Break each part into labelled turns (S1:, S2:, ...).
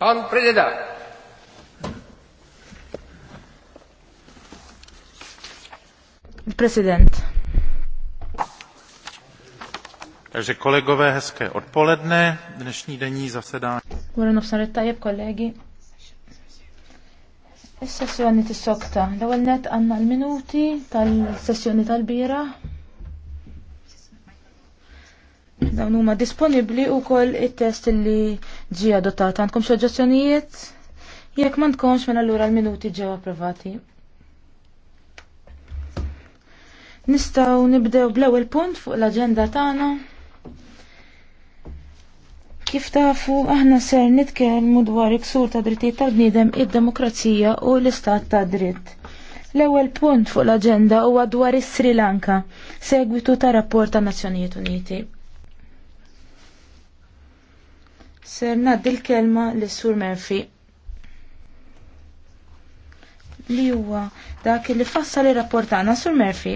S1: Pan Prezida. President. Takže kolegové, hezké odpoledne. Dnešní denní zasedání. Għura nofsan rittajib, kolegy. Is-sessjoni tis-sokta. L-ewwel net għandna l-minuti tal-sessjoni tal-bira. Dawn huma disponibbli wkoll it-test li ġi adottata Għandkom xi oġġezzjonijiet? Jekk m'għandkomx minn mela allura l-minuti ġew approvati. Nistgħu nibdew bl-ewwel punt fuq l-aġenda tagħna. Kif tafu aħna ser nitkellmu dwar iksur ta' drittijiet tal-bniedem id-demokrazija u l-istat ta' dritt. L-ewwel punt fuq l-aġenda huwa dwar is-Sri Lanka, segwitu ta' rapport ta' Nazzjonijiet Uniti. Ser naddi l-kelma lis sur Murphy. Li huwa dak li fassal ir-rapport tagħna sur Murphy.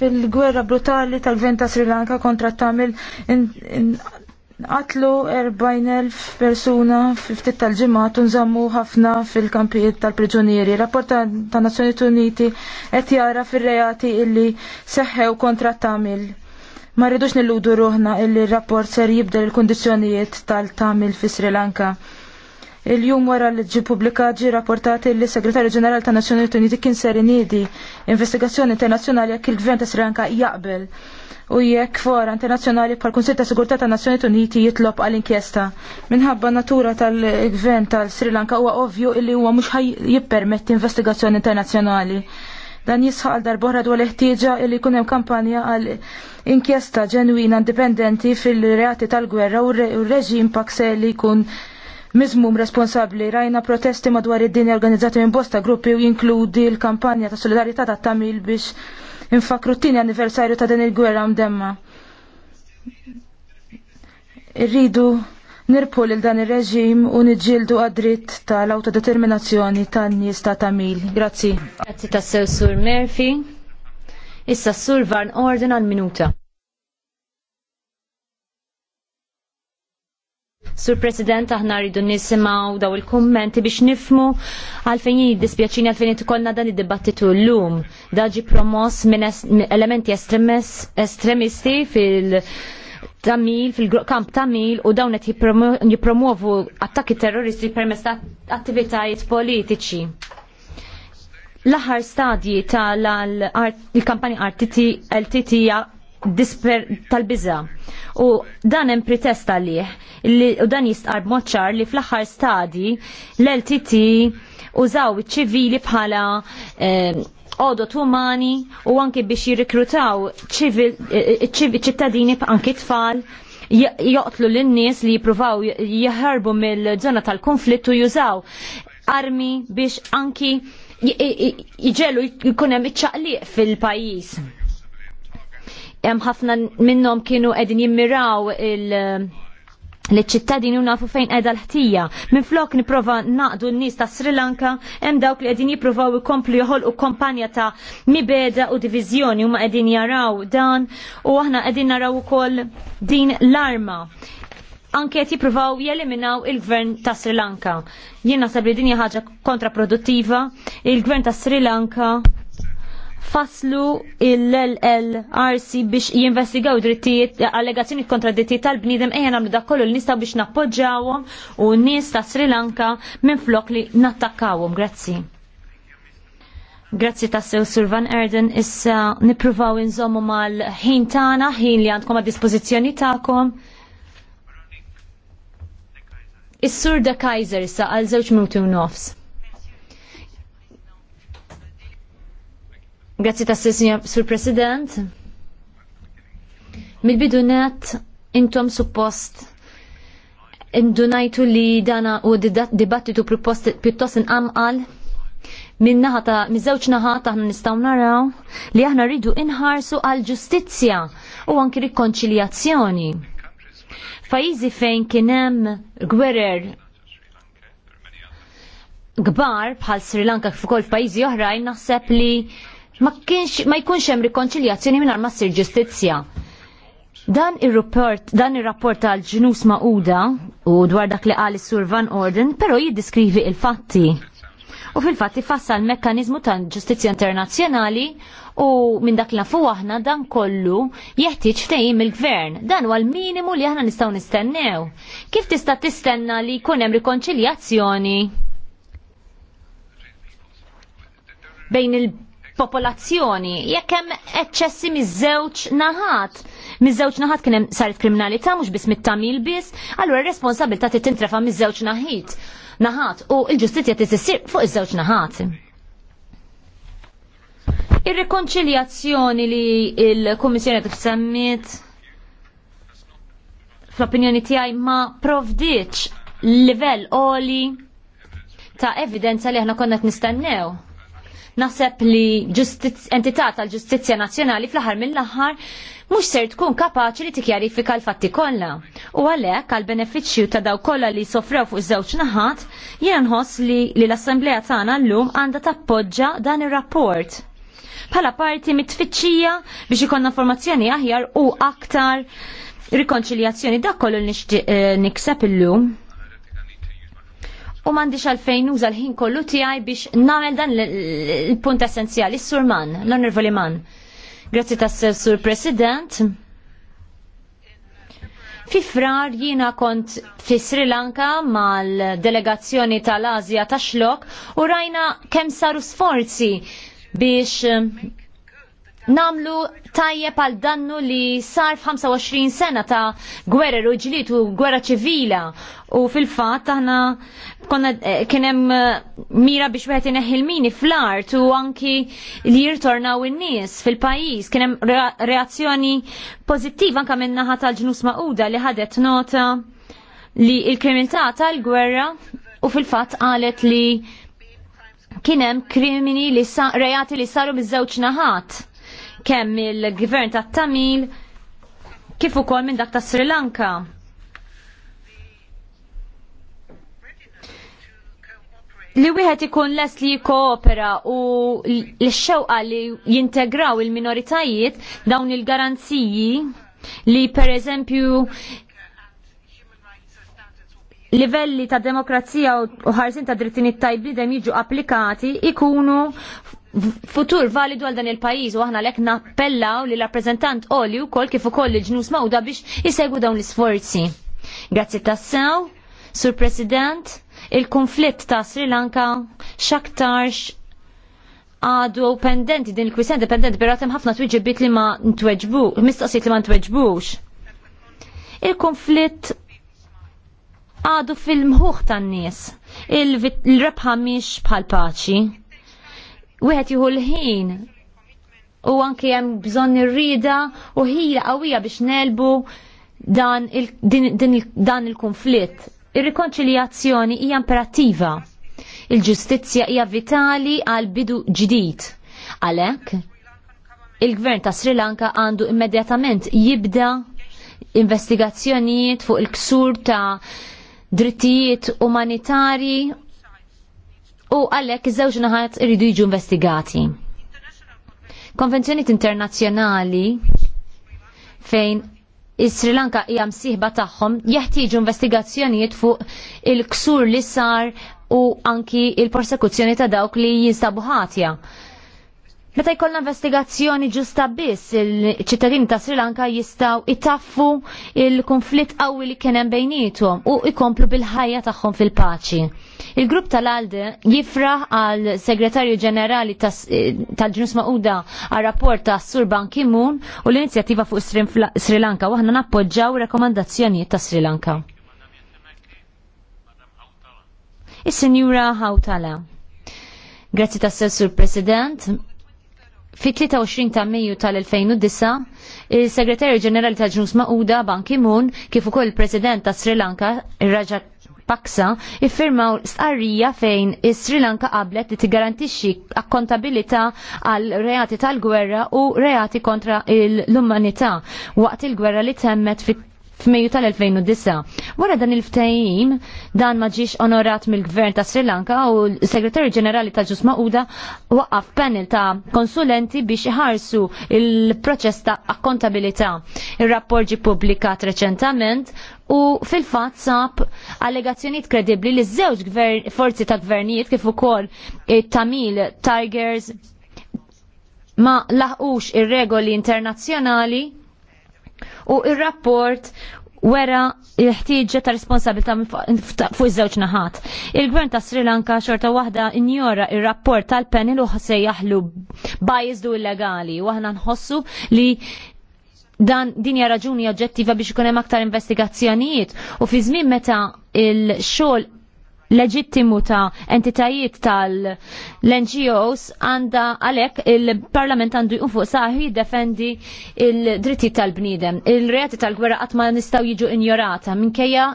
S1: Fil-gwerra brutali tal-gvern ta' Sri Lanka kontra Tamil Qatlu 40.000 persuna ftit tal-ġimgħat unżammu ħafna fil-kampijiet tal-priġunieri. Rapport ta' Nazzjoni Uniti qed jara fir-reati illi seħħew kontra Tamil Ma rridux nilludu ruħna illi rapport ser jibdel il-kondizjonijiet tal-tamil fi Sri Lanka. Il-jum wara li ġi publikat ġi rapportati li segretarju ġeneral ta' Nazzjonijiet Uniti kien ser inidi investigazzjoni internazzjonali jekk il-gvern ta' Sri Lanka jaqbel u jekk fora internazzjonali bħal Kunsill ta' Sigurtà ta' Nazzjonijiet Uniti jitlob għal inkjesta. Minħabba natura tal-gvern tal-Sri Lanka huwa ovvju li huwa mhux jippermetti investigazzjoni internazzjonali. Dan jisħal għal darbohra dwar l-ħtieġa li jkun hemm kampanja għal inkjesta ġenwina indipendenti fil-reati tal-gwerra u r-reġim pakse li jkun Mizmum responsabli rajna protesti madwar id-dinja organizzati minn bosta gruppi u jinkludi l-kampanja ta' solidarità ta' Tamil biex infakru t-tini anniversarju ta' din il-gwerra mdemma. Irridu nirpu lil dan ir-reġim u niġġieldu għad-dritt tal-autodeterminazzjoni
S2: tan-nies ta' Tamil. Grazzi. Grazzi tas-sew Sur Murphy. Issa Sur Van Orden għal minuta. Sur President, aħna rridu nisimaw daw il-kommenti biex nifmu għalfejn jiddispjaċini għalfejn ikollna dan id-dibattitu l-lum. Daġi promos minn elementi estremisti fil- tamil, fil-kamp tamil u dawn qed jippromuovu attakki terroristi permezz ta' attivitajiet politiċi. L-aħħar stadji tal-kampanja RTT disper tal-biża. U dan hemm lih, għalih u dan jistqarb moċċar li fl-aħħar stadji l-LTT użaw iċ-ċivili bħala eh, għodot umani u anki biex jirrikrutaw eh, eh, ċittadini anki tfal joqtlu l-nies li jipruvaw jħarbu mill-zona tal-konflittu jużaw armi biex anki jġelu jkunem iċċaqliq fil-pajis. Hemm ħafna minnhom kienu qegħdin jimmiraw il- li ċittadini nafu fejn edha l-ħtija. Minn flok niprofa naqdu n-nis ta' Sri Lanka, hemm dawk li qegħdin jippruvaw ikomplu joħolqu kompanja ta' mibeda u diviżjoni huma qegħdin jaraw dan u aħna qegħdin naraw ukoll din l-arma. Anke qed jippruvaw jeliminaw il-gvern ta' Sri Lanka. Jien naħseb li din hija ħaġa kontraproduttiva, il-gvern ta' Sri Lanka faslu l-LLRC biex jinvestigaw drittijiet, allegazzjoni kontra drittijiet tal-bnidem ejja namlu da kollu nistaw biex nappoġġawhom u nies Sri Lanka minn flok li nattakkawhom. Grazzi. Grazzi ta' sew Erden, issa nipruvaw inżommu mal-ħin tagħna, ħin li għandkom għad dispożizzjoni tagħkom. Is-Sur de Kaiser issa għal żewġ minuti u nofs. Grazzi ta' sul President. Mil-bidu net, intom suppost indunajtu li dana u dibattitu propost piuttost inqamqal minn naħata ta' miżewċ naħa taħna nistaw naraw li aħna rridu inħarsu għal ġustizzja u anki rikonċiljazzjoni. Fajizi fejn kienem gwerer gbar bħal Sri Lanka kif ukoll f'pajjiżi oħrajn naħseb li ma kienx ma jkunx hemm rikonċiljazzjoni mingħajr ma ssir ġustizzja. Dan ir-rapport dan ir-rapport tal-ġnus Mauda u dwar dak li qal is-Sur Van Orden però jiddiskrivi il-fatti. U fil-fatti fassal mekkanizmu ta' ġustizzja internazzjonali u minn dak nafu aħna dan kollu jeħtieġ ftehim il-gvern. Dan huwa l-minimu li aħna nistgħu nistennew. Kif tista' tistenna li jkun hemm rikonċiljazzjoni bejn il- popolazzjoni, jekk hemm eċċessi miż-żewġ naħat. Miż-żewġ naħat kien hemm saret kriminalità mhux biss mit-Tamil biss, allura r-responsabilità trid tintrefa miż-żewġ naħit. Naħat u l-ġustizzja trid issir fuq iż-żewġ naħat. Ir-rekonċiljazzjoni li l-Kummissjoni qed semmit fl-opinjoni tiegħi ma provdiċ livell oli ta' evidenza li aħna konna nistennew. Naħseb li entità tal-ġustizzja nazzjonali fl-aħħar mill-aħħar mhux ser tkun kapaċi li tikjarifika l-fatti kollha. U għalhekk għal benefiċċju ta' daw kollha li sofrew fuq iż-żewġ naħat, jiena nħoss li l assemblea tagħna llum għandha tappoġġa dan ir-rapport bħala parti mit-tfittxija biex ikonna informazzjoni aħjar u aktar rikonċiljazzjoni dak kollu nixtieq eh, nikseb illum u m'għandix għalfejn uża l-ħin kollu tiegħi biex nagħmel dan il-punt essenzjali, s-Sur l-Onorevoli Man. Grazzi tas Sur President. Fi frar jiena kont fi Sri Lanka mal-delegazzjoni tal-Azja ta' xlok u rajna kemm saru sforzi biex namlu tajjeb għal dannu li sar 25 sena ta' gwerra ruġlit u gwerra ċivila u fil-fat aħna konna eh, kienem eh, mira biex wieħed ineħħil mini fl-art u anki li jirtornaw in-nies fil-pajjiż kienem reazzjoni pożittiva anke minn naħa tal-ġnus Mauda li ħadet nota li il kriminità tal-gwerra u fil-fatt qalet li kienem krimini li sa, rejati li saru biż-żewġ naħat kemm il-gvern ta' Tamil kif ukoll minn dak ta' Sri Lanka. Li wieħed ikun les li jikkoopera u l-xewqa li jintegraw il-minoritajiet dawn il-garanziji li per eżempju livelli ta' demokrazija u ħarsin ta' it-tajbi bidem jiġu applikati ikunu futur validu għal dan il-pajjiż u aħna lek nappellaw li rappreżentant oli u kol kif ukoll il-ġnus mawda biex jisegwu dawn l-isforzi. Grazzi tassew, Sur President, il-konflitt ta' Sri Lanka xaktarx għadu pendenti din il-kwisjen dependenti però hemm ħafna tweġibit li ma ntweġbu, mistaqsit li ma ntweġbux. Il-konflitt għadu fil-mħuħ tan-nies. Il-rebħa miex bħal paċi. Wieħed jieħu l-ħin u anke hemm bżonn ir u ħila qawwija biex nelbu dan il-konflitt. Ir-rikonċiljazzjoni hija imperattiva. Il-ġustizzja hija vitali għal bidu ġdid. Għalhekk, il-gvern ta' Sri Lanka għandu immedjatament jibda investigazzjonijiet fuq il-ksur ta' drittijiet umanitarji u għalhekk iż-żewġ naħat iridu jiġu investigati. Konvenzjoniet internazzjonali fejn is-Sri Lanka hija msieħba tagħhom jeħtieġu investigazzjonijiet fuq il-ksur li sar u anki il-persekuzzjoni ta' dawk li jinsabu ħatja. Meta jkollna investigazzjoni ġusta biss, il-ċittadini ta' Sri Lanka jistaw itaffu il-konflitt qawwi li kien hemm bejnietom u jkomplu bil-ħajja tagħhom fil-paċi. Il-grupp tal-Alde jifraħ għal segretarju ġenerali tal-ġnus Mauda għal rapport ta' Sur Ban Ki-moon u l-inizjattiva fuq Sri Lanka u aħna nappoġġaw rekomandazzjonijiet ta' Sri Lanka. Is-Sinjura Hawtala. Grazzi tas Sur President fi 23 ta' Mejju tal-2009, il-Segretarju Ġenerali ta' Ġnus Mauda Ban Ki-moon kif ukoll il-President ta' Sri Lanka, ir ir-Raġa Paksa, iffirmaw stqarrija fejn is Sri Lanka qablet li tigarantixxi akkontabilità għal reati tal-gwerra u reati kontra l-umanità waqt il-gwerra li temmet fit f'Mejju tal-2009. Wara dan il-ftehim dan ma ġiex onorat mill-Gvern ta' Sri Lanka u l-Segretarju Ġenerali ta' Ġusma Uda waqaf panel ta' konsulenti biex iħarsu il-proċess ta' akkontabilità. Ir-rapport ġi publikat reċentament u fil-fat sab allegazzjoniet kredibli li żewġ forzi ta' gvernijiet kif ukoll Tamil Tigers ma laħqux ir-regoli internazzjonali U il-rapport wera il ta' responsabilta fuq iż-żewġ naħat. Il-gvern ta' Sri Lanka xorta waħda injora il-rapport tal-panel u se jaħlu bajizdu illegali u aħna nħossu li dan din hija raġuni oġġettiva biex ikun hemm aktar investigazzjonijiet u fi żmien meta il-xogħol leġittimu ta' entitajiet tal-NGOs għanda għalek il-parlament għandu jkun fuq saħi defendi il-dritti tal-bnidem. Il-reati tal-gwerra għatma nistaw jiġu injorata minkejja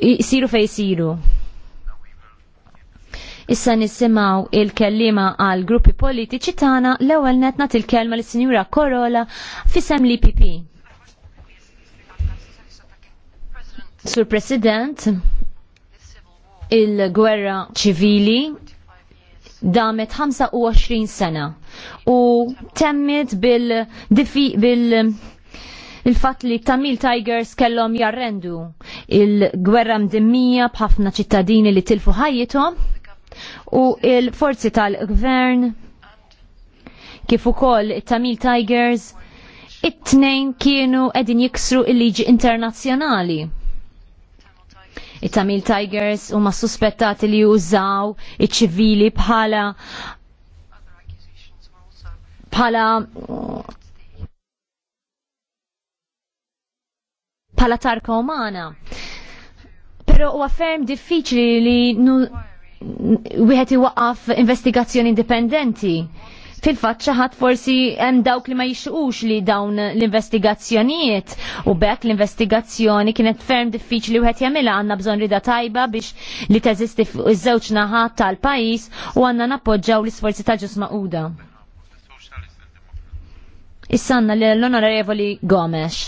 S2: jisiru fej jisiru. Issa nisimaw il-kellima għal gruppi politiċi tana l-ewel netna til-kelma l-Sinjura Korola fissem l-IPP. Sur President, il-gwerra ċivili damet 25 sena u temmet bil-difi bil bil il fat li Tamil Tigers kellhom jarrendu il-gwerra mdimmija bħafna ċittadini li tilfu ħajjithom u il-forzi tal-gvern kif ukoll it-Tamil Tigers it-tnejn kienu qegħdin jiksru il-liġi internazzjonali it-Tamil Tigers huma suspettati li jużaw iċ-ċivili bħala bħala bħala tarka umana. Pero huwa ferm diffiċli li wieħed iwaqqaf investigazzjoni indipendenti fil-faċċa ħadd forsi hemm dawk li ma jixuqux li dawn l-investigazzjonijiet u bekk l-investigazzjoni kienet ferm diffiċli wieħed jagħmilha għandna bżonn rida tajba biex li teżisti iż-żewġ naħat tal-pajjiż u għandna nappoġġaw l-isforzi ta' ġus maquda. Issanna l-Onorevoli Gomes.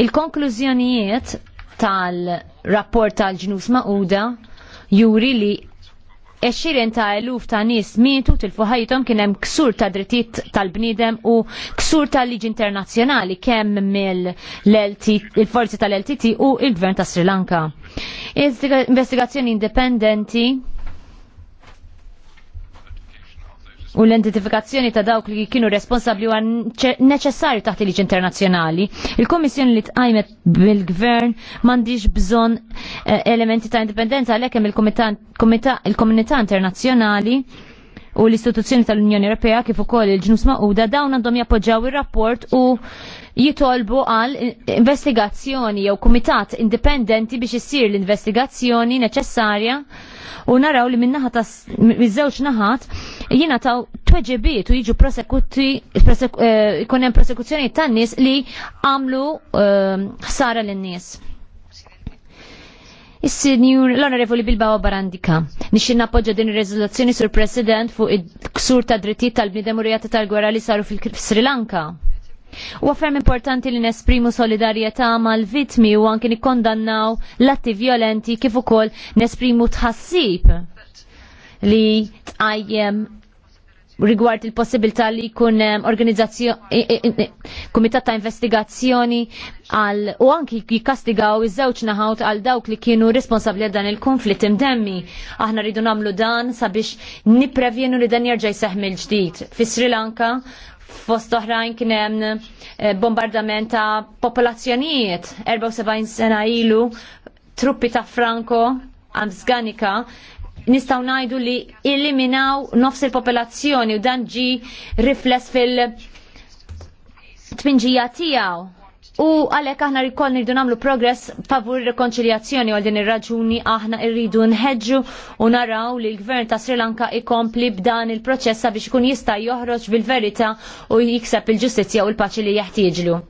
S2: Il-konklużjonijiet tal-rapport tal-ġnus maquda juri li 20 ta' eluf ta' nies mietu til fuħajtom kien hemm ksur ta' drittijiet tal-bniedem u ksur ta' liġi internazzjonali kemm mill-forzi tal-LTT u il-gvern ta' Sri Lanka. Investigazzjoni indipendenti u l-identifikazzjoni ta' dawk li kienu responsabli għan neċessarju taħt il-liġi internazzjonali. Il-Komissjoni li tqajmet bil-Gvern mandiġ bżon eh, elementi ta' indipendenza għalekem il-Komunità Internazzjonali u l-istituzzjoni tal-Unjoni Ewropea kif ukoll il-ġnus maquda dawn għandhom jappoġġaw ir-rapport u jitolbu għal investigazzjoni jew kumitat indipendenti biex issir l-investigazzjoni neċessarja u naraw li minnaħat ta' miż-żewġ naħat jina taw tweġibiet u jiġu prosekuti, eh, ikunem prosekuzjoni tan nis li għamlu eh, ħsara l-nis. Is-Sinjur l-Onorevoli Bilbao Barandika, nixin appoġġa din ir-riżoluzzjoni sur President fuq id-ksur ta' drittijiet tal bnidem u tal-gwerra li saru fil-Sri Lanka. U għafem importanti li nesprimu solidarieta mal-vitmi u anki nikkondannaw l-atti violenti kif ukoll nesprimu tħassib li tqajjem rigward il-possibilità li jkun eh, organizzazzjoni kumitat ta' investigazzjoni għal u anki jikastigaw iż-żewġ naħawt għal dawk li kienu responsabbli għal dan il-konflitt imdemmi. Aħna rridu nagħmlu dan sabiex niprevjenu li dan jerġa' jseħħ mill-ġdid. Fi Sri Lanka fost oħrajn kien hemm eh, bombardament ta' popolazzjonijiet 74 sena ilu truppi ta' Franco Amzganika nistaw najdu li eliminaw nofs il-popolazzjoni u dan ġi rifless fil- tpinġija tijaw. U għalek aħna rikoll nirridu namlu progress favur rekonciliazzjoni għal din ir-raġuni aħna irridu nħedġu u naraw li l-gvern ta' Sri Lanka ikompli b'dan il-proċess biex ikun jista' joħroġ bil-verità u jikseb il-ġustizzja u l-paċi li jeħtieġlu.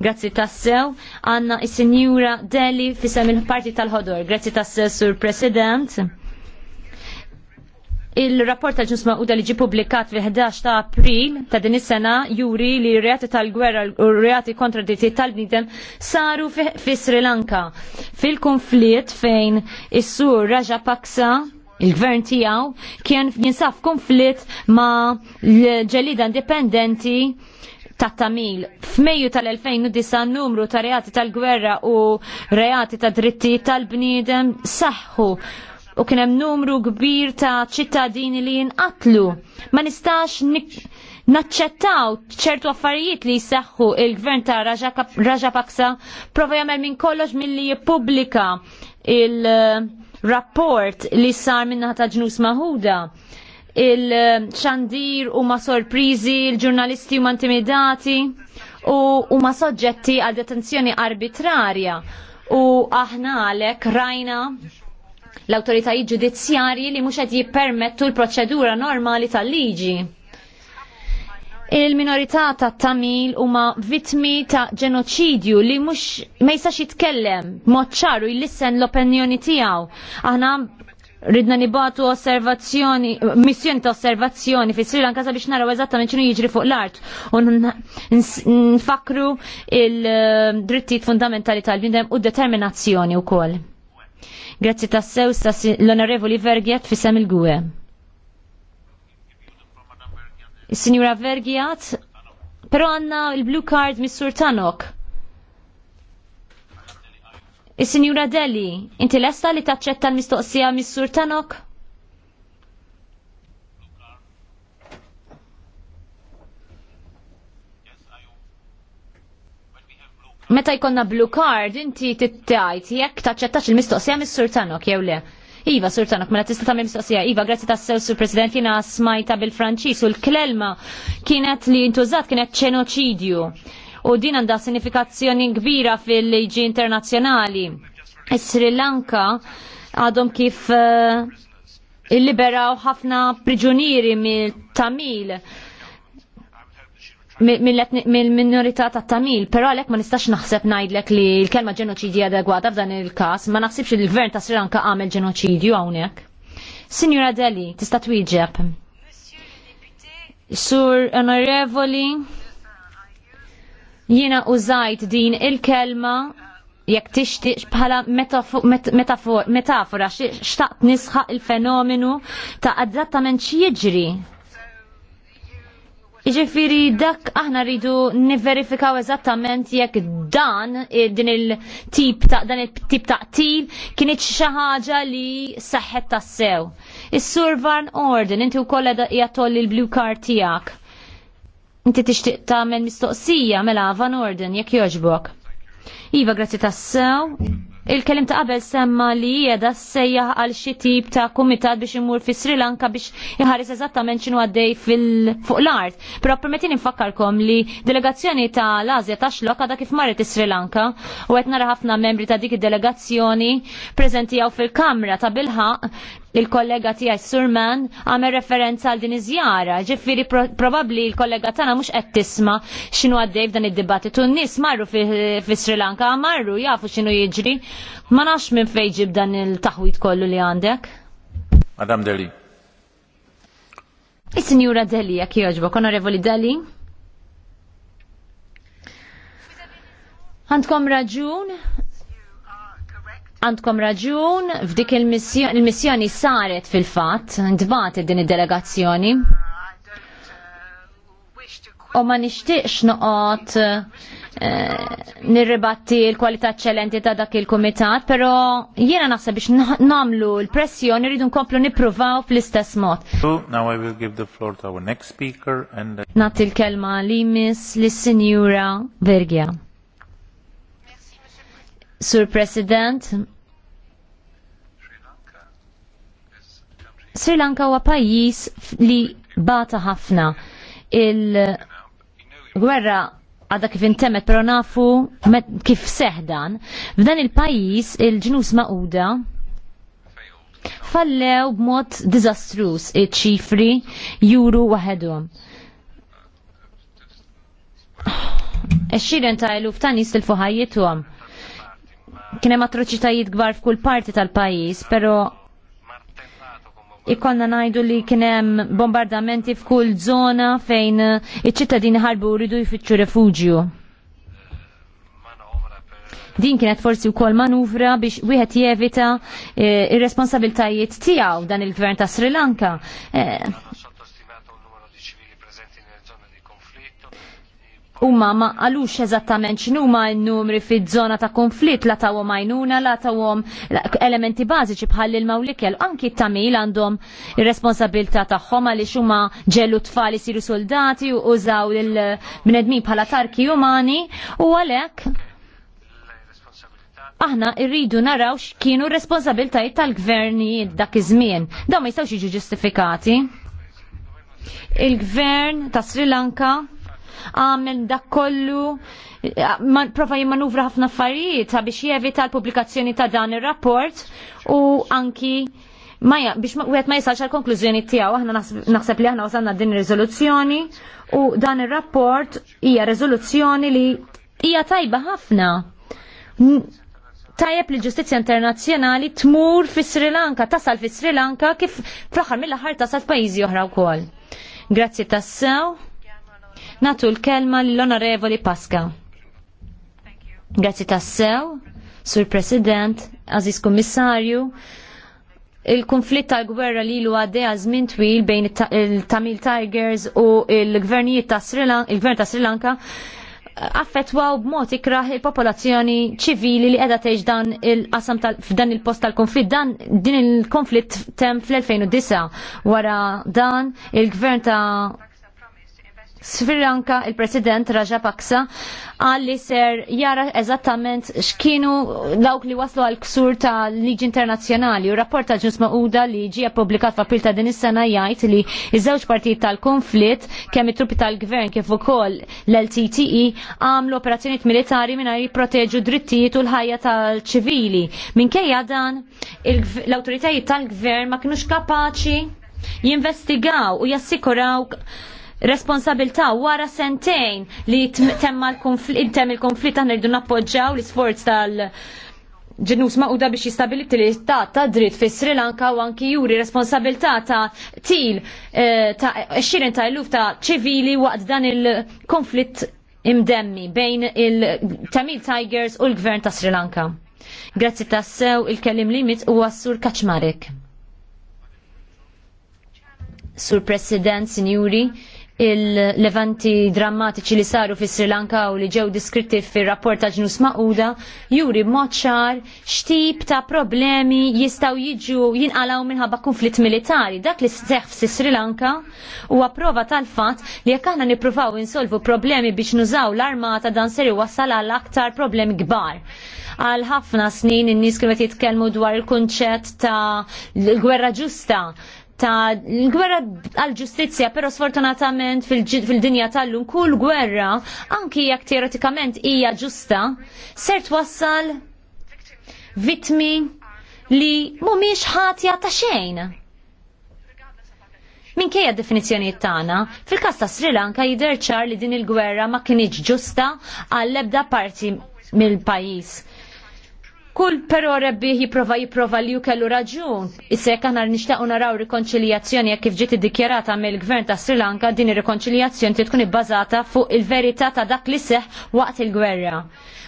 S2: Grazzi tassew, għanna is-Sinjura Deli fissem il-Parti tal ħodur Grazzi tassew, Sur President. Il-rapport tal ġusma u li ġi publikat fi 11 ta' april ta' din is-sena juri li reati tal-gwerra u reati kontra d-ditti tal-bnidem saru fi Sri Lanka. Fil-konflitt fejn is-sur Raja Paksa il-gvern tijaw kien jinsaf konflitt ma l-ġelida indipendenti ta' Tamil. F'Mejju tal-2009 numru ta' reati tal-gwerra u reati ta' dritti tal-bniedem saħħu u kien hemm numru kbir ta' ċittadini li jinqatlu. Ma nistax naċċettaw ċertu affarijiet li jseħħu il-gvern ta' Raja Paksa prova jagħmel minn kollox milli jippubblika il-rapport eh, li sar minna ta' ġnus maħuda il-ċandir eh, u ma sorprizi, il-ġurnalisti u ma intimidati u ma soġġetti għal detenzjoni arbitrarja u aħna għalek rajna l-autoritajiet ġudizzjarji li mhux qed jippermettu l-proċedura normali tal-liġi. Il-minorità ta' Tamil huma vittmi ta' ġenoċidju li mhux ma jistax jitkellem mod ċaru jlissen l-opinjoni tiegħu. Aħna ridna nibatu osservazzjoni, missjoni ta' osservazzjoni fi Sri Lanka sabiex naraw eżattament x'inhu jiġri fuq l-art u nfakru il-drittijiet fundamentali tal bindem u determinazzjoni wkoll. Grazzi tassew sa l-Onorevoli Vergiat sem il-Gwe. Signora Vergiat, pero għanna il-blue card Missur sur Tanok. Is-Sinjura Deli, inti lesta li taċċetta l-mistoqsija Missur sur Tanok? Meta jkollna blue card, inti tittajt, jekk taċċettax il-mistoqsija mis-sur Tanok, jew le. Iva, sur Tanok, mela tista' tagħmel mistoqsija. Iva, grazzi tas sew sur President jiena smajta bil-Franċis u l-kelma kienet li ntużat kienet ċenoċidju. U din għandha sinifikazzjoni kbira fil-liġi internazzjonali. Sri Lanka għadhom kif eh, illiberaw ħafna priġunieri mill-Tamil mill-minorità ta' Tamil, però għalek ma nistax naħseb najdlek li l-kelma ġenoċidju adegwata f'dan il-kas, ma naħsibx li l-gvern ta' Sri Lanka għamel ġenoċidju hawnhekk. Signora Deli, tista' twieġeb. Sur onorevoli, jiena użajt din il-kelma jekk tixtieq bħala metafora xtaqt nisħaq il-fenomenu ta' adattament xi jiġri Iġifiri dak aħna rridu niverifikaw eżattament jekk dan eh, din il-tip ta' dan il-tip ta' til kienet xi ħaġa li saħħet tassew. Is-Sur Van Orden, inti wkoll qed tolli l-blue card tiegħek. Inti tixtieq tagħmel mistoqsija mela Van Orden jekk jogħġbok. Iva, grazzi tassew. Il-kelim ta' qabel semma li jeda sejja għal xi tip ta' kumitat biex imur fi Sri Lanka biex jħaris eżattament x'inhu għaddej fuq l-art. Però permetin infakkarkom li delegazzjoni ta' l azja ta' xlok għadha kif marret Sri Lanka u qed nara ħafna membri ta' dik id-delegazzjoni preżenti fil-Kamra ta' bilħa il-kollega tiegħi Surman għamel referenza għal din iżjara, Ġifiri ġifieri probabbli l-kollega tagħna mhux qed tisma' x'inhu għaddej f'dan id-dibattitu. N-nies marru fi Sri Lanka, marru jafu x'inhu jiġri. Ma nafx minn fejn dan il-taħwit kollu li għandek. Madam Deli. Is-Sinjura Deli, jekk jogħġbok, Onorevoli Deli. Għandkom raġun, Għandkom raġun, f'dik il-missjoni saret fil-fat, dbati din id-delegazzjoni. U ma nixtieqx noqgħod eh, nirribatti l-kwalità eċċellenti ta' dak il-kumitat, però jiena naħseb biex nagħmlu l-pressjoni rridu nkomplu nippruvaw fl-istess mod.
S1: Now Nagħti
S2: l-kelma li miss lis-Sinjura Vergia. Sur President, Sri Lanka huwa pajjiż li bata ħafna. Il-gwerra għadha kif intemet però nafu kif seħdan. F'dan il-pajjiż il-ġnus maquda fallew b'mod diżastruż iċ-ċifri juru waħedhom. Eċxiren ta' eluf ta' nis il-fuħajietu kienem atroċitajiet gbar f'kull parti tal-pajis, pero ikkonna najdu li kienem bombardamenti f'kull zona fejn iċ-ċittadini ħarbu rridu jfittxu refugju. Din kienet forsi wkoll manuvra biex wieħed jevita eh, ir-responsabiltajiet tiegħu dan il-gvern ta' Sri Lanka. Eh Uma ma għalux eżattament x'numa n-numri fiż-żona ta' konflitt la għom għajnuna, la għom elementi bażiċi bħal il mawlikel anki t-tamil għandhom ir-responsabilità tagħhom għaliex huma ġellu tfali siru soldati u użaw il-bnedmin bħala tarki umani u għalhekk aħna irridu naraw x'kienu r-responsabiltajiet tal-gvernijiet dak iż-żmien. Daw ma jistgħux jiġu ġustifikati. Il-gvern ta' Sri Lanka għamel dak kollu, prova jimmanuvra ħafna affarijiet biex jevita l-publikazzjoni ta' dan ir-rapport u anki Maja, biex wieħed ma jisalx għal-konklużjoni tiegħu aħna naħseb li aħna għasanna din ir-riżoluzzjoni u dan ir-rapport hija riżoluzzjoni li hija tajba ħafna. Tajab li ġustizzja internazzjonali tmur fi Sri Lanka, tasal fi Sri Lanka kif fl axar mill-aħħar tasal f'pajjiżi oħra wkoll. Grazzi tassew. Natu l-kelma l-Onorevoli Pasca. Grazzi tassew, Sur President, Aziz Kommissarju, il-konflitt tal-gwerra li lu għadde żmien twil bejn il-Tamil Tigers u il-gvernijiet ta' Sri Lanka, il-gvern ta' Sri Lanka affettwaw b'mod ikraħ il-popolazzjoni ċivili li qiegħda tgħix dan il-qasam f'dan il-post tal-konflitt. Dan din il-konflitt tem fl-2009 wara dan il-gvern ta' Sfirranka il-President Raja Paksa għalli ser jara eżattament xkienu dawk li waslu għal ksur ta' liġi internazzjonali u rapport ta' ġusma Uda li ġi publikat f'April ta' din is-sena jgħid li iż-żewġ partijiet tal-konflitt kemm it-truppi tal-gvern kif ukoll l-LTTE għamlu operazzjonijiet militari mingħajr jipproteġu drittijiet u l-ħajja tal-ċivili. Minkejja dan l-awtoritajiet tal-gvern ma kinux kapaċi jinvestigaw u jassikuraw responsabilta wara sentejn li temma il-konflitt għan rridu nappoġġaw l-isforz tal- ġenus maquda biex jistabiliti li ta' ta' dritt fi Sri Lanka u anki juri responsabilità ta' til eh, ta' xirin ta' l-luf ta' ċivili waqt dan il-konflitt imdemmi bejn il-Tamil Tigers u l-gvern ta' Sri Lanka. Grazzi ta' sew il-kellim limit u għassur kaċmarek. Sur President, Sinjuri, il-levanti drammatiċi li saru fis Sri Lanka u li ġew diskritti fir rapport ta' ġnus maquda juri moċċar xtip ta' problemi jistaw jiġu jinqalaw minħabba konflitt militari. Dak li seħħ fi Sri Lanka huwa prova tal-fatt li jekk aħna nippruvaw insolvu problemi biex nużaw l-armata dan seri wasal għal aktar problemi kbar. Għal ħafna snin in-nies kienu jitkellmu dwar il-kunċett ta' l-gwerra ġusta ta' l-gwerra għal-ġustizja, pero sfortunatament fil-dinja tal-lum kull gwerra, anki jak teoretikament hija ġusta, ser twassal vitmi li mumiex ħatja ta' xejn. Min kejja definizjoniet tagħna, fil-każ ta' Sri Lanka jidher ċar li din il-gwerra ma kienieġ ġusta għall-ebda parti mill-pajjiż Kull però rebbi jiprova jiprova li kellu raġun. Issa jekk aħna nixtaqu naraw rikonċiljazzjoni jekk kif ġiet iddikjarata mill-gvern ta' Sri Lanka din ir-rikonċiljazzjoni trid tkun ibbażata fuq il-verità ta' dak li seħ waqt il-gwerra.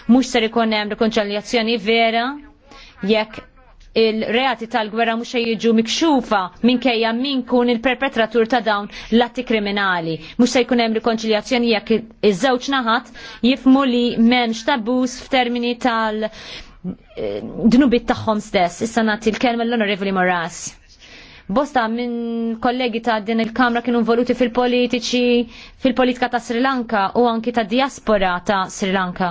S2: Mhux ser jkun hemm rikonċiljazzjoni vera jekk il-reati tal-gwerra mhux se jiġu mikxufa minkejja min kun il-perpetratur ta' dawn l-atti kriminali. Mhux se jkun hemm rikonċiljazzjoni jekk iż-żewġ naħat jifmu li m'hemmx tabus f'termini tal- dnubit tagħhom stess. Issa nagħti l-kelma l-Onorevoli Moras. Bosta minn kollegi ta' din il-Kamra kienu involuti fil-politiċi, fil-politika ta' Sri Lanka u anki ta' diaspora ta' Sri Lanka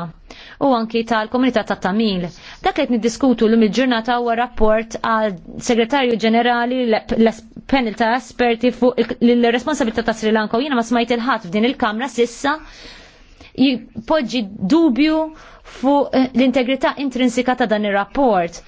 S2: u anki tal-komunità ta' Tamil. Dak qed niddiskutu l il-ġurnata huwa rapport għal segretarju ġenerali l-panel ta' esperti fuq l-responsabilità ta' Sri Lanka u jiena ma smajt il-ħadd f'din il-Kamra sissa jipoġġi dubju fuq eh, l-integrità intrinsika ta' dan ir-rapport.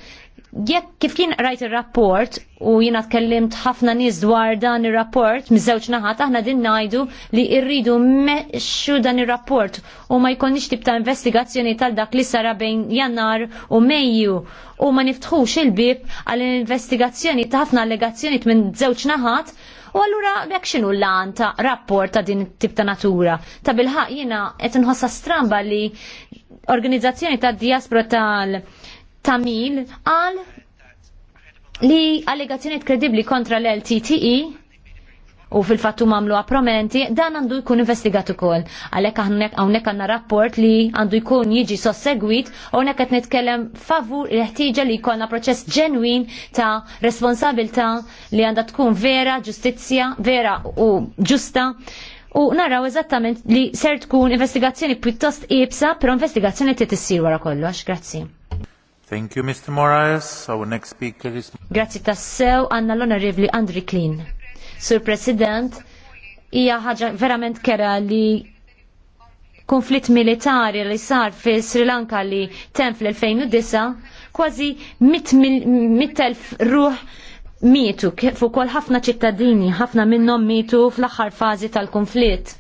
S2: Jekk kif kien rajt ir-rapport u jiena tkellimt ħafna nies dwar dan ir-rapport miż-żewġ naħat aħna din ngħidu li rridu meċu dan ir-rapport u ma jkonniċ tip ta' investigazzjoni tal dak li sara bejn Jannar u Mejju u ma niftħux il-bib għall investigazzjoni ta' ħafna allegazzjonijiet minn żewġ naħat U allura jekk xinu l-lan ta' rapport ta' din tip ta' natura. Ta' bilħaq jiena qed nħossa stramba li organizzazzjoni ta' diaspora tal-Tamil għal li allegazzjoni kredibli kontra l-LTTE u fil-fattu mamlu prominenti, dan għandu jkun investigat ukoll. Għalhekk hawnhekk għandna rapport li għandu jkun jiġi sossegwit għawnek għet qed nitkellem favur il-ħtieġa li jkollna proċess ġenwin ta' responsabilità li għandha tkun vera, ġustizzja, vera u ġusta. U naraw eżattament li ser tkun investigazzjoni pjuttost ibsa, però investigazzjoni titissir wara kollox. Grazzi.
S1: Thank you, Mr. Moraes. Our next speaker is...
S2: Grazzi tassew, għanna l-onorevli Andri Klin. Sur President, hija ħaġa verament kera li konflitt militari li sar fi Sri Lanka li tem fl-2009 kważi 100.000 ruħ mietu fuq kol ħafna ċittadini, ħafna minnhom mietu fl-aħħar fażi tal-konflitt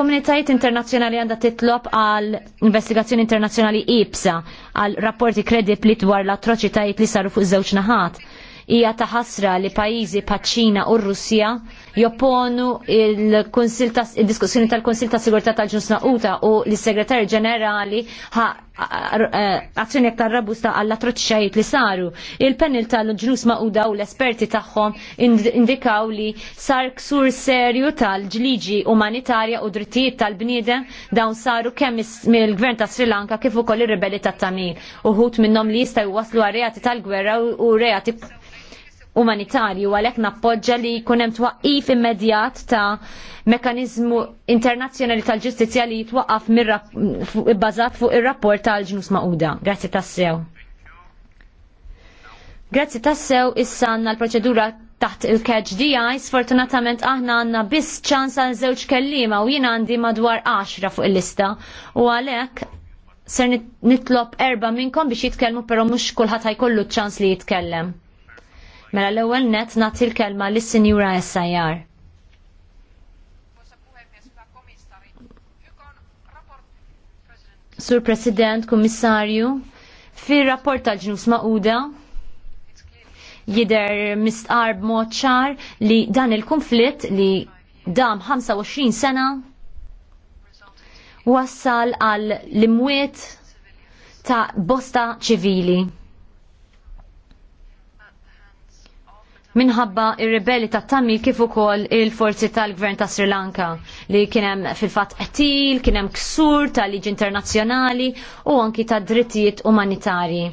S2: komunitajiet internazzjonali għandha titlob għal investigazzjoni internazzjonali ibsa għal rapporti kredibli dwar l-atroċitajiet li saru fuq żewġ naħat hija ta' ħasra li pajjiżi paċ-Ċina u r jopponu il-diskussjoni tal-Konsil ta' Sigurtà tal ġusna Uta u l-Segretarju Ġenerali azzjoni aktar rabusta għall atroċċajiet li saru. Il-panel tal-ġnus maquda u l-esperti tagħhom indikaw li sar ksur serju tal-ġliġi umanitarja u drittijiet tal-bniedem dawn saru kemm mill-gvern ta' Sri Lanka kif ukoll ir-rebelli tat-Tamil. Uħut minnhom li jista' jwaslu għal reati tal-gwerra u reati umanitarju għalhekk nappoġġa li jkun hemm twaqqif immedjat ta' mekanizmu internazzjonali tal-ġustizzja li jitwaqqaf bazat fuq ir-rapport tal-ġnus Mauda. Grazzi tassew. Grazzi tassew issa għandna l-proċedura taħt il-catch DI, sfortunatament aħna għanna biss ċans għal żewġ kellima u jien għandi madwar 10 fuq il-lista. U għalek ser nitlob erba minnkom biex jitkellmu pero mhux kulħadd kollu ċans li jitkellem. Mela l-ewwel net nagħti l-kelma lis-Sinjura SIR. Sur President, Kummissarju, fir-rapport tal-ġnus maquda jider mistqar b'mod ċar li dan il-konflitt li dam 25 sena wassal għal l-imwiet ta' bosta ċivili minħabba ir-rebelli ta' Tamil kif ukoll il-forzi tal-gvern ta' Sri Lanka li kien hemm fil-fatt qtil, kien hemm ksur ta' liġi internazzjonali u anki ta' drittijiet umanitarji.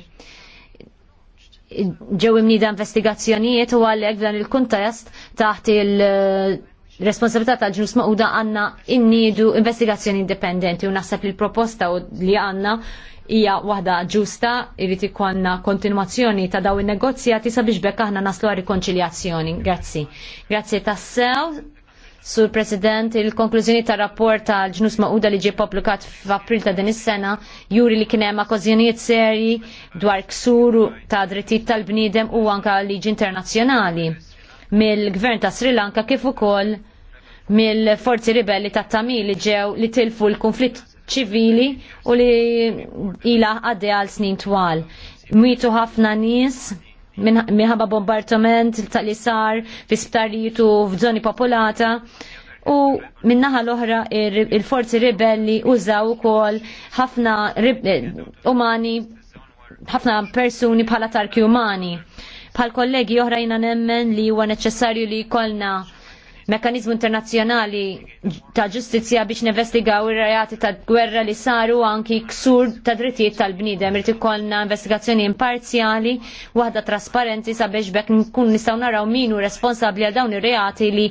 S2: Ġew imnida investigazzjonijiet u għalhekk dan il-kuntest taħt il- responsabilità tal-ġnus maquda għanna innidu investigazzjoni indipendenti u naħseb li l-proposta li għanna hija waħda ġusta irrid ikonna kontinwazzjoni ta' daw in-negozjati sabiex bekk aħna naslu rikonċiljazzjoni. Grazzi. Grazzi tassew. Sur President, il-konklużjoni ta' rapport ta' ġnus maquda li ġie publikat f'April ta' din is-sena juri li kien hemm akkożjonijiet serji dwar ksuru ta' drittijiet tal-bniedem u anka liġi internazzjonali mill-gvern ta' Sri Lanka kif ukoll mill-forzi ribelli ta' Tamil ġew li tilfu l-konflitt ċivili u li ila għaddi għal snin twal. Mwitu ħafna nies minħabba bombardament li sar fi sptarijiet u f'żoni popolata u minnaħa l-oħra il-forzi ribelli użaw ukoll ħafna eh, umani ħafna persuni bħala tarki umani Bħal kollegi oħrajna nemmen li huwa neċessarju li jkollna mekanizmu internazzjonali ta' ġustizzja biex nevestigaw ir-rajati ta' gwerra li saru anki ksur ta' drittijiet tal-bnidem. Irti kollna investigazzjoni imparzjali, waħda trasparenti sabiex bekk nkun nistgħu naraw minu responsabbli għal dawn ir-rajati li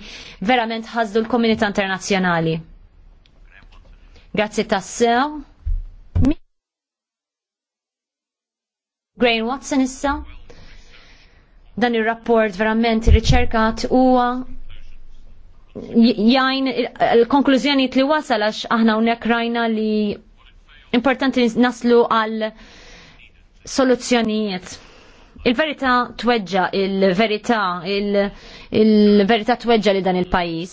S2: verament ħazdu l-komunità internazzjonali. Grazzi tassew. Grain Watson issa dan ir-rapport verament riċerkat huwa jajn l-konklużjoni li wasal għax aħna unek rajna li importanti naslu għal soluzzjonijiet. Il-verità tweġġa, il-verità, il-verità tweġġa li dan il-pajis.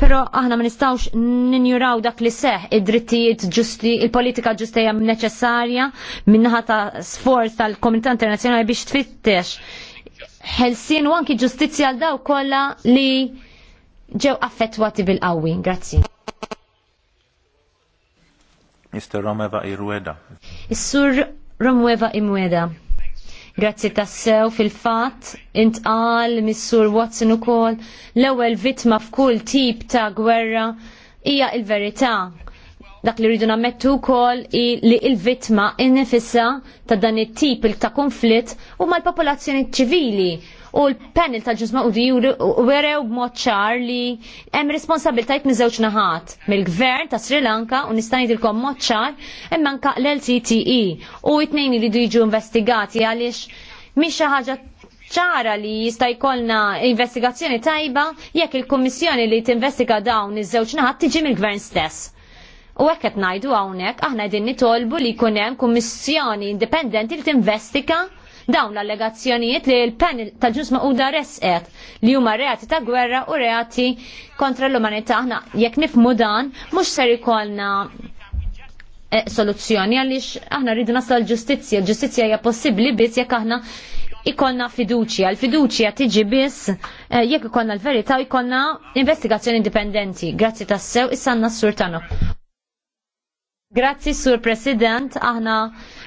S2: Pero aħna ma nistawx ninjuraw dak li seħ id-drittijiet ġusti, il-politika ġustija neċessarja minnaħa ta' sforz tal-Komunità Internazzjonali biex tfittex ħelsin u anki ġustizzja għal daw kollha li ġew affettwati bil-qawwi. Grazzi.
S1: Mr. Romeva Irweda.
S2: Is-sur Romeva Imweda. Grazzi tassew fil-fat, intqal mis-sur Watson ukoll l-ewwel vittma f'kull tip ta' gwerra hija il-verità dak li rridu nammettu kol li il-vitma innifissa ta' dan it-tip ta' konflitt u ma' l-popolazzjoni ċivili u l-panel ta' ġusma u werew b'mod ċar li hemm responsabiltajt minn żewġ naħat mill-gvern ta' Sri Lanka u nistani dilkom mod ċar hemm l-LTTE u t-tnejn iridu jiġu investigati għaliex mhix xi ħaġa ċara li jista' jkollna investigazzjoni tajba jekk il-Kummissjoni li tinvestiga dawn iż-żewġ naħat tiġi mill-Gvern stess. U hekk qed ngħidu hawnhekk aħna qegħdin nitolbu li jkun hemm kummissjoni indipendenti li t-investika dawn l-allegazzjonijiet li l-panel tal u da resqet li huma reati ta' gwerra u reati kontra l-umanità aħna jekk nifmu dan mhux ser ikolna eh, soluzzjoni għaliex aħna rridu naslu l-ġustizzja, l-ġustizzja hija possibbli biss jekk aħna ikonna fiduċja. L-fiduċja tiġi biss eh, jekk ikonna l-verità u ikonna investigazzjoni indipendenti. Grazzi tassew, issa għandna s-surtano. Grazzi, Sur President, aħna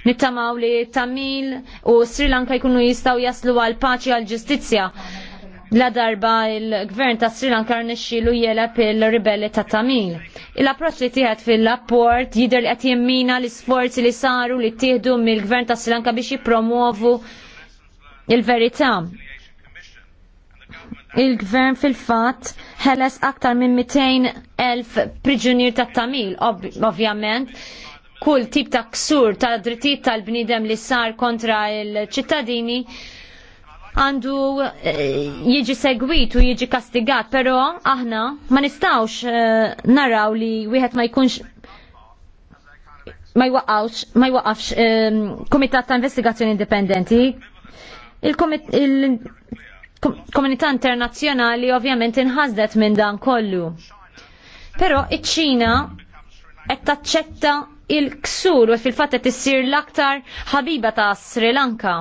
S2: nittamaw li Tamil u Sri Lanka jkunu jistaw jaslu għal paċi għal ġustizja. La darba il-gvern ta' Sri Lanka rnexxilu jeleb il-ribelli ta' Tamil. Il-approċ li tieħed fil-rapport jidher li qed jemmina l-isforzi li saru li tieħdu mill-gvern ta' Sri Lanka biex jippromuovu il-verità. Il-gvern fil-fatt ħeles aktar minn 200.000 priġunier ta' Tamil, ovvjament. Kull tip ta' ksur ta' drittijiet tal-bnidem li sar kontra il-ċittadini għandu eh, jiġi segwit u jiġi kastigat, pero aħna ma nistawx eh, naraw li wieħed ma jkunx ma jwaqqawx, ma jwaqafx eh, komitat ta' investigazzjoni indipendenti. Il-komitat komunità internazzjonali ovvjament inħasdet minn dan kollu. Però iċ-Ċina qed taċċetta il-ksur u fil-fatt qed issir l-aktar ħabiba ta' Sri Lanka.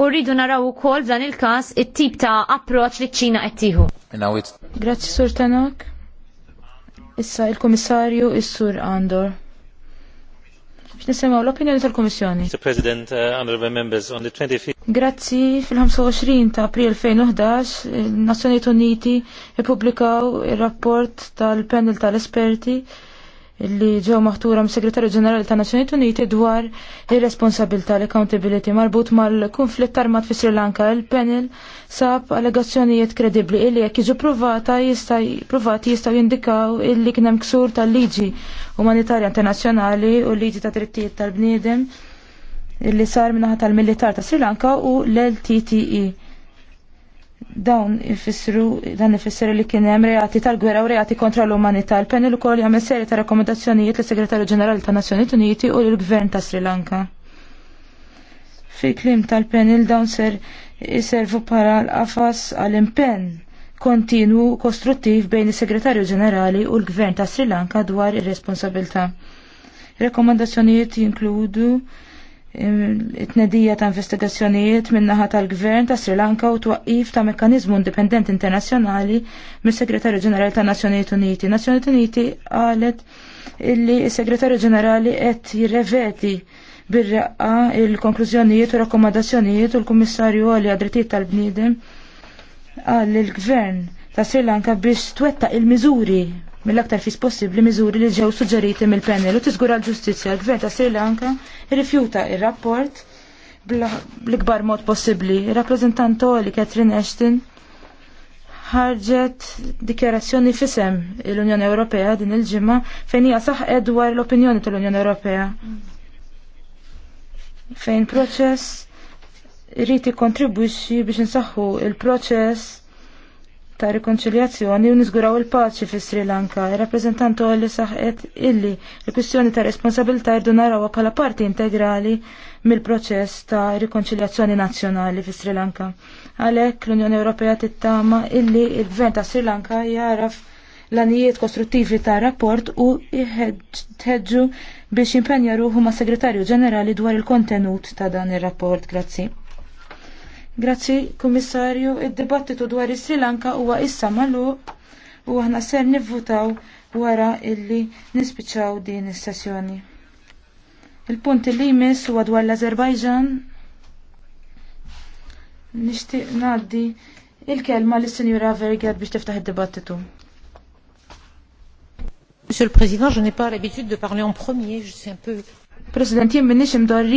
S2: U rridu naraw ukoll dan il-każ it-tip ta' approċċ li ċ-Ċina qed tieħu. Grazzi Sur Tanok.
S1: Issa il-Kummissarju is-Sur Andor. X'nisimgħu l-opinjoni tal-Kummissjoni. Mr. President, uh, honorable members, on the 25th. Grazzi, fil-25 ta' April 2011, eh, Nazzjonijiet Uniti ippubblikaw ir-rapport tal-panel tal-esperti li ġew maħtura mis segretarju ġenerali ta' Nazzjonijiet Uniti dwar ir-responsabilità l-accountability marbut mal-konflitt armat fi Sri Lanka. Il-panel sab allegazzjonijiet kredibbli illi jekk jiġu provata jista' provati jistgħu jindikaw illi kien hemm ksur tal-liġi umanitarja internazzjonali u l-liġi ta' drittijiet tal-bniedem illi sar minnaħa tal-militar ta' Sri Lanka u l-LTTE dawn ifissru dan ifissru li kien hemm reati tal-gwerra u reati kontra l-umanità. Il-panel ukoll jagħmel serje ta' rakkomandazzjonijiet lis segretarju ġenerali ta' Nazzjonijiet Uniti u l-Gvern ta' Sri Lanka. Fi klim tal-panel dawn ser iservu para l-qafas għall-impenn kontinwu kostruttiv bejn is-Segretarju Ġenerali u l-Gvern ta' Sri Lanka dwar ir-responsabilità. Rekomandazzjonijiet jinkludu it-nedija ta' investigazzjonijiet minnaħa tal-gvern ta' Sri Lanka u twaqif ta' mekkanizmu indipendenti internazzjonali mis-Segretarju Ġenerali ta' Nazzjonijiet Uniti. Nazzjonijiet Uniti qalet illi s-Segretarju Ġenerali qed jirreveti bir-reqqa il-konklużjonijiet u rakkomandazzjonijiet u l-Kummissarju għalli għadrittijiet tal-bniedem għall il-gvern ta' Sri Lanka biex twetta il-miżuri mill-aktar fis possibbli miżuri li ġew suġġeriti mill-panel u tiżgura l-ġustizzja l-gvern ta' Sri Lanka irrifjuta ir-rapport bl-ikbar mod possibbli. Ir-rappreżentant li Catherine Ashton ħarġet dikjarazzjoni fisem l-Unjoni Ewropea din il-ġimgħa fejn hija saħ dwar l-opinjoni tal-Unjoni Ewropea. Fejn proċess irid ikkontribwixxi biex insaħħu il-proċess ta' rikonċiljazzjoni u niżguraw il-paċi fi Sri Lanka. Il-rappresentantu li saħet illi l-kwistjoni ta' responsabilta' irdu narawa bħala parti integrali mill-proċess ta' rikonċiljazzjoni nazzjonali fi Sri Lanka. Għalhekk l-Unjoni Ewropea tittama illi il-Gvern ta' Sri Lanka jaraf l-anijiet kostruttivi ta' rapport u tħedġu biex impenja ruħu ma' segretarju ġenerali dwar il-kontenut ta' dan ir rapport Grazzi. Grazzi, Kommissarju. id-dibattitu dwar is-Sri Lanka huwa issa magħluq u aħna ser nivvutaw wara illi nispiċċaw din is-sessjoni. Il-punt li jmiss huwa dwar l-Azerbajġan nixtieq ngħaddi il-kelma lis-Sinjura Vergad biex tiftaħ id-dibattitu. Monsieur le Président, je n'ai pas l'habitude de parler en premier, je suis un peu... President, jien minnix imdorri